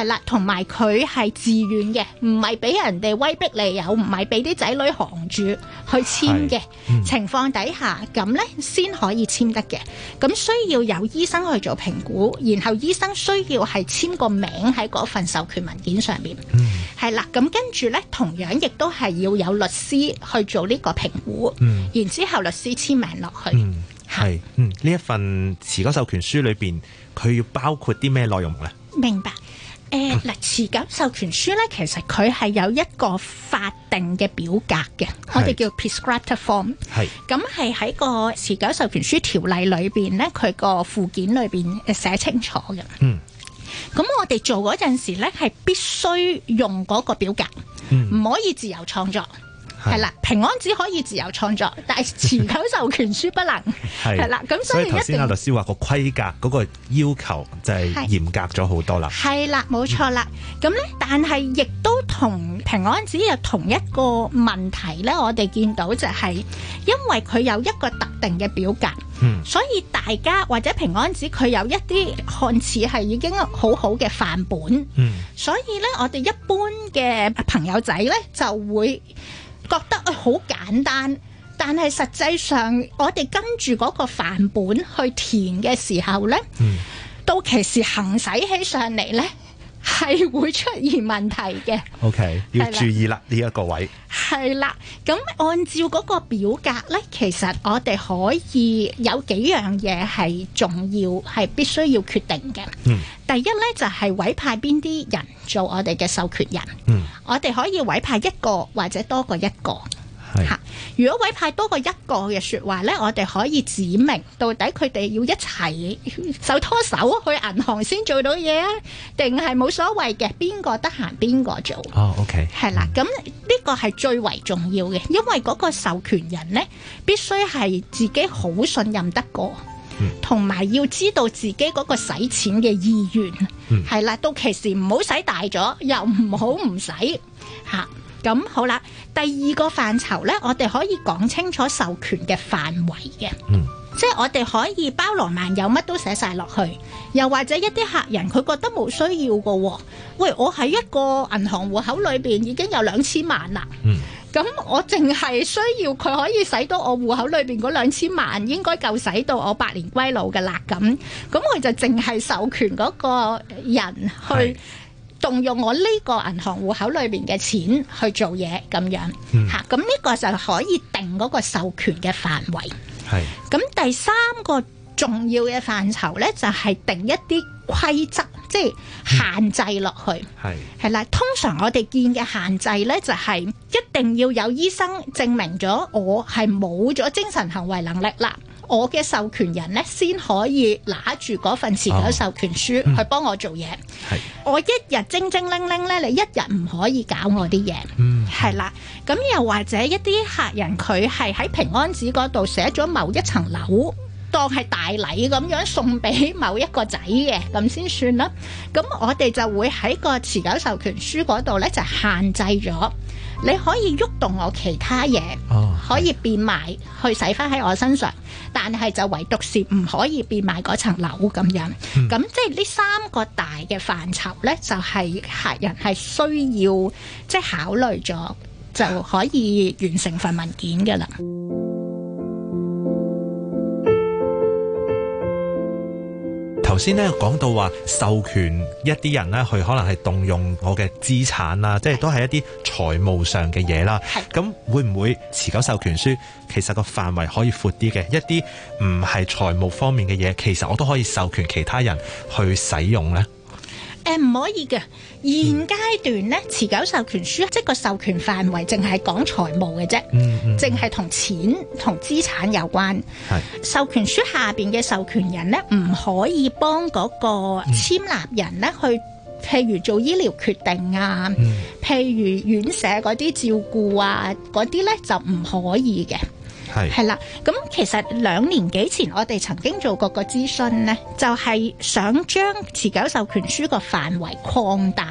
嗯、啦，同埋佢係自願嘅，唔係俾人哋威逼利誘，唔係俾啲仔女行住去簽嘅情況底下，咁、嗯、咧先可以簽得嘅。咁需要有醫生去做評估，然後醫生需要係簽個名喺嗰份授權文件上面，嗯嗱，咁跟住咧，同樣亦都係要有律師去做呢個評估，然之後律師簽名落去。嗯，係，嗯，呢一份持久授權書裏邊，佢要包括啲咩內容咧？明白。誒，嗱，持久授權書咧，其實佢係有一個法定嘅表格嘅，我哋叫 Prescribed Form。係。咁係喺個持久授權書條例裏邊咧，佢個附件裏邊誒寫清楚嘅。嗯。咁我哋做嗰陣時呢，係必須用嗰個表格，唔可以自由創作。係啦，平安紙可以自由創作，但係持久授權書不能。係 啦，咁所以頭先阿律師話個規格，嗰、嗰個要求就係嚴格咗好多了啦。係、嗯、啦，冇錯啦。咁咧，但係亦都同平安紙有同一個問題咧，我哋見到就係，因為佢有一個特定嘅表格，嗯，所以大家或者平安紙佢有一啲看似係已經很好好嘅範本，嗯，所以咧，我哋一般嘅朋友仔咧就會。覺得好簡單，但係實際上我哋跟住嗰個範本去填嘅時候呢、嗯、到其實行使起上嚟呢。係會出現問題嘅，OK，要注意了啦呢一、個位。係啦，咁按照嗰個表格呢，其實我哋可以有幾樣嘢係重要，係必須要決定嘅。嗯，第一呢，就係、是、委派邊啲人做我哋嘅授權人。嗯，我哋可以委派一個或者多過一個。係，如果委派多過一個嘅說話咧，我哋可以指明到底佢哋要一齊手拖手去銀行先做到嘢啊，定係冇所謂嘅，邊個得閒邊個做。哦，OK，係啦，咁呢個係最為重要嘅，因為嗰個授權人咧必須係自己好信任得過，同埋要知道自己嗰個使錢嘅意願。係啦，到其時唔好使大咗，又唔好唔使吓。咁好啦，第二個範疇呢，我哋可以講清楚授權嘅範圍嘅，即係我哋可以包羅萬有，乜都寫晒落去，又或者一啲客人佢覺得冇需要㗎喎。喂，我喺一個銀行戶口裏邊已經有兩千萬啦，咁、嗯、我淨係需要佢可以使到我戶口裏邊嗰兩千萬，應該夠使到我百年歸老㗎啦，咁，咁我就淨係授權嗰個人去。動用我呢個銀行戶口裏邊嘅錢去做嘢，咁樣吓，咁、嗯、呢、啊、個就可以定嗰個授權嘅範圍。係咁，第三個重要嘅範疇呢，就係、是、定一啲規則，即、就、係、是、限制落去。係、嗯、係啦，通常我哋見嘅限制呢，就係、是、一定要有醫生證明咗我係冇咗精神行為能力啦。.我嘅授權人咧，先可以拿住嗰份持久授權書、哦嗯、去幫我做嘢。我一日精精靈靈咧，你一日唔可以搞我啲嘢。係、嗯、啦，咁又或者一啲客人佢係喺平安紙嗰度寫咗某一層樓，當係大禮咁樣送俾某一個仔嘅，咁先算啦。咁我哋就會喺個持久授權書嗰度咧，就限制咗你可以喐動，動我其他嘢、哦，可以變賣去使翻喺我身上。但係就唯獨是唔可以變賣嗰層樓咁樣，咁即係呢三個大嘅範疇呢，就係、是、客人係需要即係、就是、考慮咗就可以完成份文件㗎啦。先咧講到話授權一啲人咧，佢可能係動用我嘅資產啦，即係都係一啲財務上嘅嘢啦。咁會唔會持久授權書？其實個範圍可以闊啲嘅，一啲唔係財務方面嘅嘢，其實我都可以授權其他人去使用呢？誒、呃，唔可以嘅，現階段咧，持久授權書、嗯、即係個授權範圍、嗯，淨係講財務嘅啫，淨係同錢同資產有關係。授權書下邊嘅授權人咧，唔可以幫嗰個簽立人咧去，譬如做醫療決定啊、嗯，譬如院舍嗰啲照顧啊，嗰啲咧就唔可以嘅。係係啦，咁其實兩年幾前我哋曾經做過個諮詢呢就係、是、想將持久授權書個範圍擴大，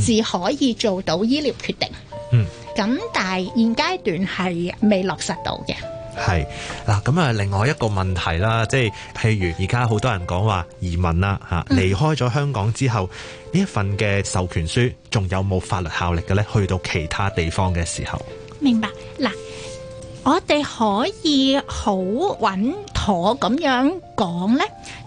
至、嗯、可以做到醫療決定。嗯，咁但係現階段係未落實到嘅。係嗱，咁啊另外一個問題啦，即係譬如而家好多人講話移民啦吓，離開咗香港之後，呢、嗯、一份嘅授權書仲有冇法律效力嘅呢？去到其他地方嘅時候，明白嗱。我哋可以好穩妥咁樣講呢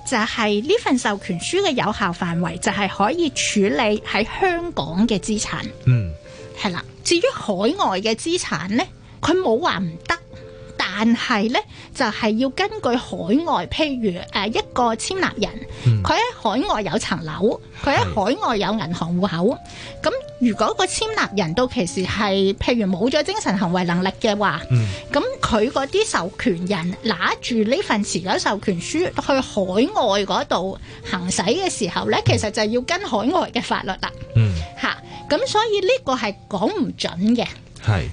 就係呢份授權書嘅有效範圍就係可以處理喺香港嘅資產，嗯，係啦。至於海外嘅資產呢，佢冇話唔得。但係咧，就係、是、要根據海外，譬如誒、呃、一個簽立人，佢、嗯、喺海外有層樓，佢喺海外有銀行戶口。咁如果個簽立人到其時係譬如冇咗精神行為能力嘅話，咁佢嗰啲授權人拿住呢份持久授權書去海外嗰度行使嘅時候咧、嗯，其實就要跟海外嘅法律啦。吓、嗯、咁、啊、所以呢個係講唔準嘅。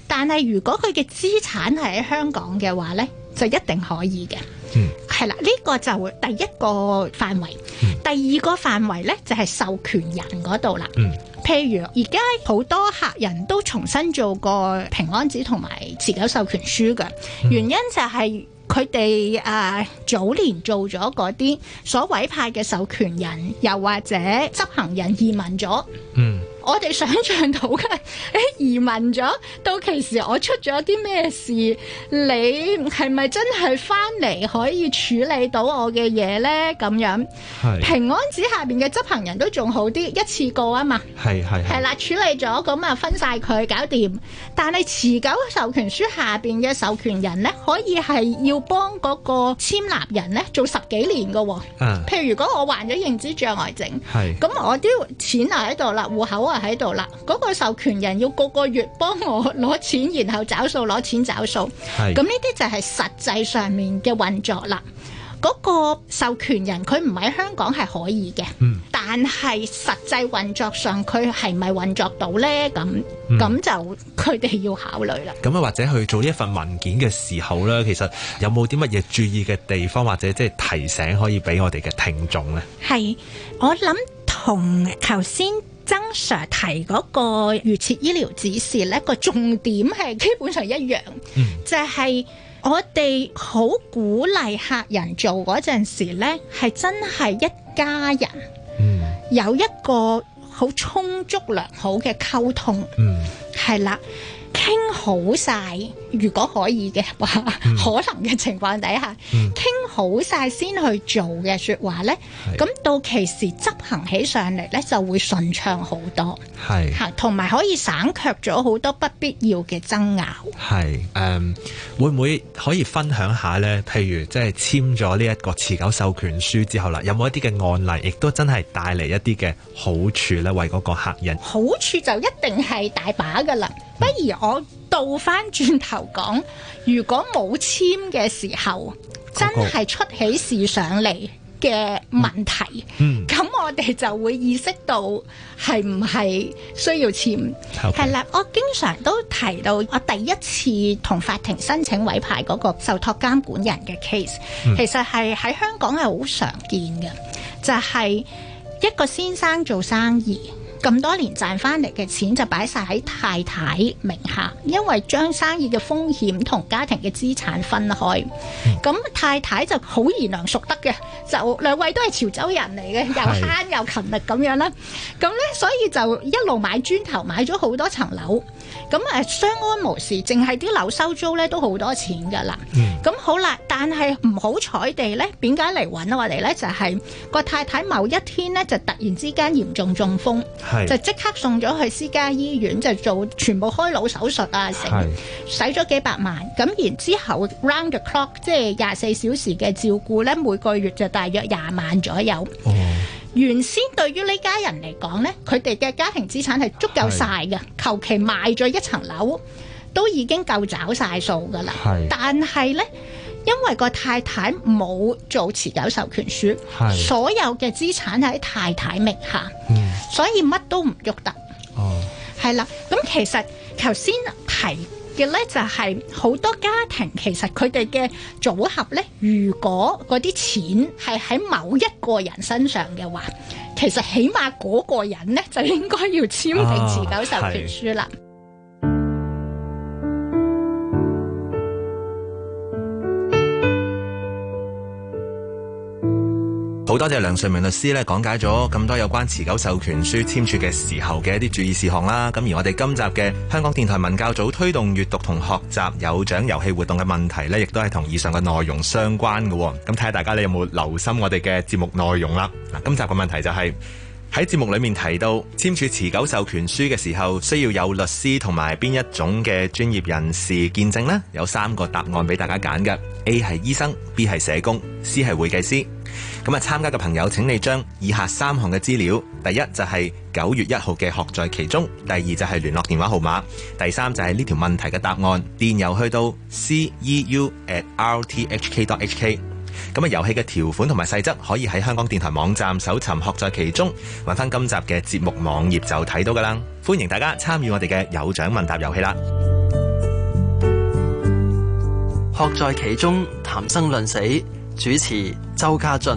但係如果佢嘅資產係喺香港嘅話呢，就一定可以嘅。嗯，係啦，呢個就係第一個範圍、嗯。第二個範圍呢，就係、是、授權人嗰度啦。嗯，譬如而家好多客人都重新做過平安紙同埋持久授權書嘅、嗯、原因就係佢哋、誒早年做咗嗰啲所委派嘅授權人又或者執行人移民咗。嗯。我哋想象到嘅，誒、欸、移民咗，到其時我出咗啲咩事，你係咪真係翻嚟可以處理到我嘅嘢呢？咁樣，平安紙下邊嘅執行人都仲好啲，一次過啊嘛，係係係啦，處理咗咁啊分晒佢搞掂。但係持久授權書下邊嘅授權人呢，可以係要幫嗰個簽立人呢做十幾年嘅喎、喔啊。譬如如果我患咗認知障礙症，係咁我啲錢啊喺度啦，戶口喺度啦，嗰、 那個授權人要個個月幫我攞錢，然後找數攞錢找數。係咁，呢啲就係實際上面嘅運作啦。嗰、那個授權人佢唔喺香港係可以嘅、嗯，但係實際運作上佢係咪運作到呢？咁咁、嗯、就佢哋要考慮啦。咁、嗯、啊，嗯、或者去做呢份文件嘅時候咧，其實有冇啲乜嘢注意嘅地方，或者即係提醒可以俾我哋嘅聽眾呢？係我諗同頭先。曾 Sir 提嗰個預設醫療指示咧，個重點係基本上一樣，就係我哋好鼓勵客人做嗰陣時咧，係真係一家人，嗯，有一個好充足良好嘅溝通，嗯，係啦。傾好晒，如果可以嘅話、嗯，可能嘅情況底下，傾、嗯、好晒先去做嘅說話呢，咁、嗯、到其時執行起上嚟呢，就會順暢好多，同、嗯、埋可以省卻咗好多不必要嘅爭拗。係誒、嗯，會唔會可以分享下呢？譬如即係簽咗呢一個持久授權書之後啦，有冇一啲嘅案例，亦都真係帶嚟一啲嘅好處呢？為嗰個客人好處就一定係大把噶啦。不如我倒翻轉頭講，如果冇簽嘅時候，go go. 真係出起事上嚟嘅問題，咁、mm. 我哋就會意識到係唔係需要簽係、okay. 啦，我經常都提到，我第一次同法庭申請委派嗰個受託監管人嘅 case，其實係喺香港係好常見嘅，就係、是、一個先生做生意。咁多年賺翻嚟嘅錢就擺晒喺太太名下，因為將生意嘅風險同家庭嘅資產分開。咁、嗯、太太就好賢良淑德嘅，就兩位都係潮州人嚟嘅，又慳又勤力咁樣啦。咁呢，所以就一路買磚頭，買咗好多層樓。咁相安無事，淨係啲樓收租咧都好多錢㗎啦。咁、嗯、好啦，但係唔好彩地咧，點解嚟揾我哋咧？就係、是、個太太某一天咧就突然之間嚴重中風，就即刻送咗去私家醫院，就做全部開腦手術啊，成使咗幾百萬。咁然之後 round the clock 即係廿四小時嘅照顧咧，每個月就大約廿萬左右。哦。原先對於呢家人嚟講呢，佢哋嘅家庭資產係足夠晒嘅，求其賣咗一層樓都已經夠找晒數㗎喇。但係呢，因為個太太冇做持有授權書，所有嘅資產喺太太名下，嗯，所以乜都唔喐得。哦，係啦，咁其實頭先提嘅咧就係好多家庭其實佢哋嘅組合咧，如果嗰啲錢係喺某一個人身上嘅話，其實起碼嗰個人咧就應該要簽訂持久授權書啦。啊好多謝梁萃明律師咧講解咗咁多有關持久授權書簽署嘅時候嘅一啲注意事項啦。咁而我哋今集嘅香港電台文教組推動閱讀同學習有獎遊戲活動嘅問題咧，亦都係同以上嘅內容相關嘅，哦。咁睇下大家你有冇留心我哋嘅節目內容啦。今集嘅問題就係喺節目裏面提到簽署持久授權書嘅時候，需要有律師同埋邊一種嘅專業人士見證呢？有三個答案俾大家揀嘅：A 係醫生，B 係社工，C 係會計師。咁啊，參加嘅朋友，請你將以下三項嘅資料：第一就係九月一號嘅學在其中；第二就係聯絡電話號碼；第三就係呢條問題嘅答案。電郵去到 c e u at r t h k dot h k。咁啊，遊戲嘅條款同埋細則可以喺香港電台網站搜尋學在其中，揾翻今集嘅節目網頁就睇到噶啦。歡迎大家參與我哋嘅有獎問答遊戲啦！學在其中，談生論死。主持周家俊。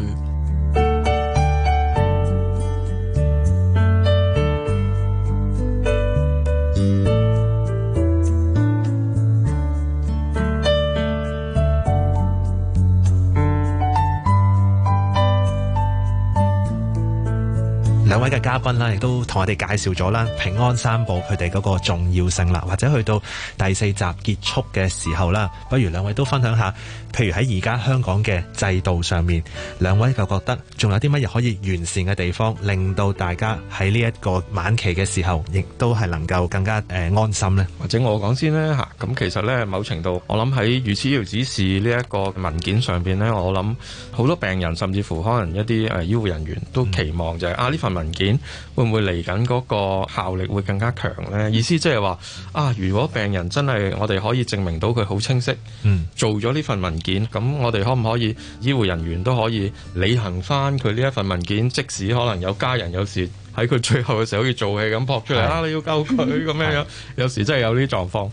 嘅嘉賓啦，亦都同我哋介紹咗啦，平安三寶佢哋嗰個重要性啦，或者去到第四集結束嘅時候啦，不如兩位都分享下，譬如喺而家香港嘅制度上面，兩位就覺得仲有啲乜嘢可以完善嘅地方，令到大家喺呢一個晚期嘅時候，亦都係能夠更加誒安心呢？或者我講先呢？嚇，咁其實呢，某程度，我諗喺如此要指示呢一個文件上邊呢，我諗好多病人甚至乎可能一啲誒醫護人員都期望就係、嗯、啊呢份文。件會唔會嚟緊嗰個效力會更加強呢？意思即係話啊，如果病人真係我哋可以證明到佢好清晰，嗯，做咗呢份文件，咁我哋可唔可以醫護人員都可以履行翻佢呢一份文件？即使可能有家人有時喺佢最後嘅時候好，好似做戲咁撲出嚟啊！你要救佢咁樣樣，有時真係有啲狀況。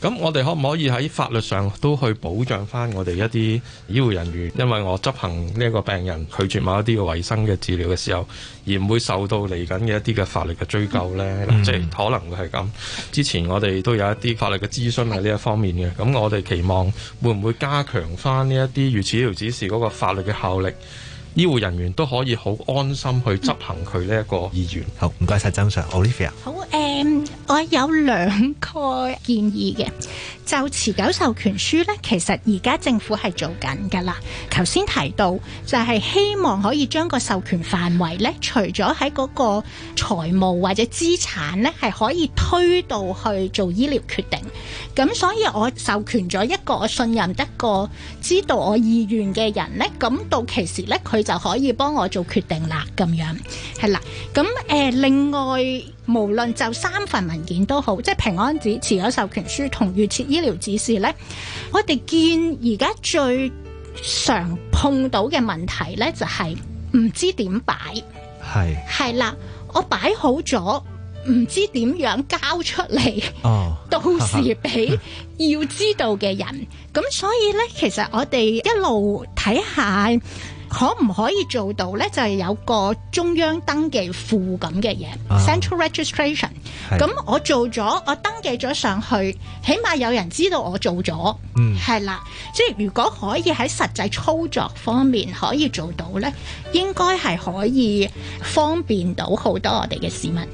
咁我哋可唔可以喺法律上都去保障翻我哋一啲醫護人員？因為我執行呢一個病人拒絕某一啲嘅維生嘅治療嘅時候，而唔會受到嚟緊嘅一啲嘅法律嘅追究咧，即係、mm-hmm、可能會係咁。之前我哋都有一啲法律嘅諮詢喺呢一方面嘅，咁我哋期望會唔會加強翻呢一啲預設醫療指示嗰個法律嘅效力，醫護人員都可以好安心去執行佢呢一個意願。好，唔該晒曾 Sir。Olivia 好。好、欸。嗯、我有兩個建議嘅，就持久授權書呢，其實而家政府係做緊噶啦。頭先提到就係希望可以將個授權範圍呢，除咗喺嗰個財務或者資產呢，係可以推到去做醫療決定。咁所以我授權咗一個我信任得過知道我意願嘅人呢，咁到期時呢，佢就可以幫我做決定啦。咁樣係啦，咁誒、呃、另外。無論就三份文件都好，即係平安紙、持有授權書同預設醫療指示呢，我哋見而家最常碰到嘅問題呢，就係唔知點擺。係係啦，我擺好咗，唔知點樣交出嚟，到時俾要知道嘅人。咁所以呢，其實我哋一路睇下。可唔可以做到呢？就係有個中央登記庫咁嘅嘢，central registration。咁我做咗，我登記咗上去，起碼有人知道我做咗。嗯，係啦，即係如果可以喺實際操作方面可以做到呢，應該係可以方便到好多我哋嘅市民。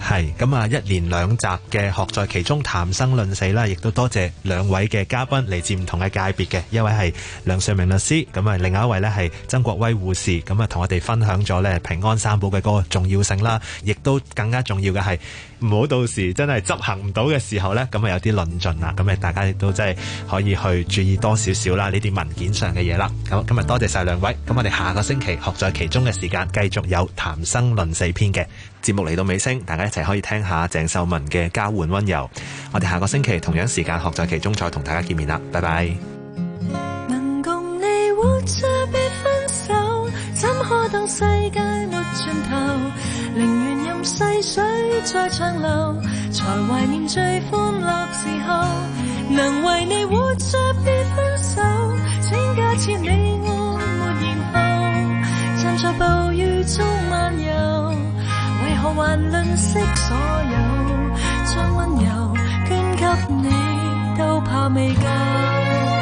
係咁啊！一連兩集嘅學在其中談論、談生論死啦，亦都多謝兩位嘅嘉賓嚟自唔同嘅界別嘅，一位係梁萃明律師，咁啊，另外一位呢係曾國威護士，咁啊，同我哋分享咗呢「平安三寶嘅嗰個重要性啦，亦都更加重要嘅係，唔好到時真係執行唔到嘅時候呢，咁啊有啲論盡啦，咁啊大家亦都真係可以去注意多少少啦，呢啲文件上嘅嘢啦。咁今日多謝曬兩位，咁我哋下個星期學在其中嘅時間繼續有談生論死篇嘅節目嚟到尾聲，大家一齊可以聽下鄭秀文嘅交換溫柔。我哋下個星期同樣時間學在其中再同大家見面啦，拜拜。能共細水再長流，才懷念最歡樂時候。能為你活着，別分手。請假設你我沒然後，站在暴雨中漫遊。為何還吝嗇所有？將温柔捐給你，都怕未夠。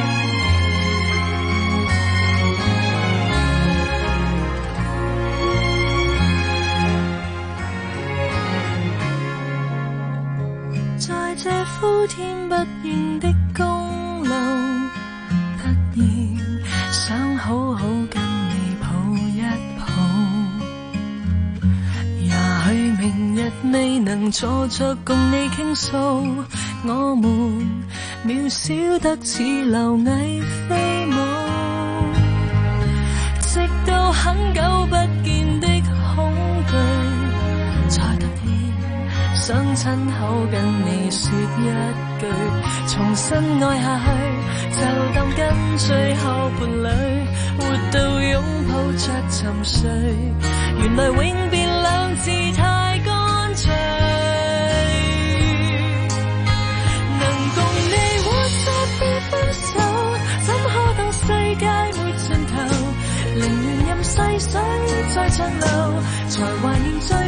這呼天不應的公路，突然想好好跟你抱一抱。也許明日未能坐着共你傾訴，我們渺小得似螻蟻飛舞，直到很久不。想親口跟你說一句，重新愛下去，就當跟最後伴侶，活到擁抱着沉睡。原來永別兩字太乾脆。能共你活着別分手，怎可當世界沒盡頭？寧願任細水再長流，才懷念最。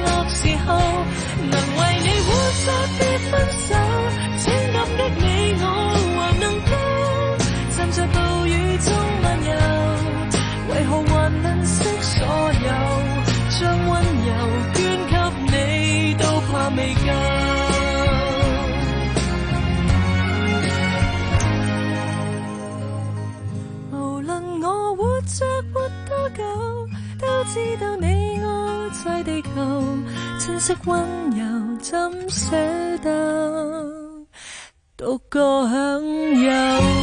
能為你活着別分手，請感激你我還能夠站在暴雨中漫遊，為何還吝嗇所有？將溫柔捐給你都怕未夠。無論我活着活多久，都知道你我在地球。珍惜溫柔，怎捨得獨個享有？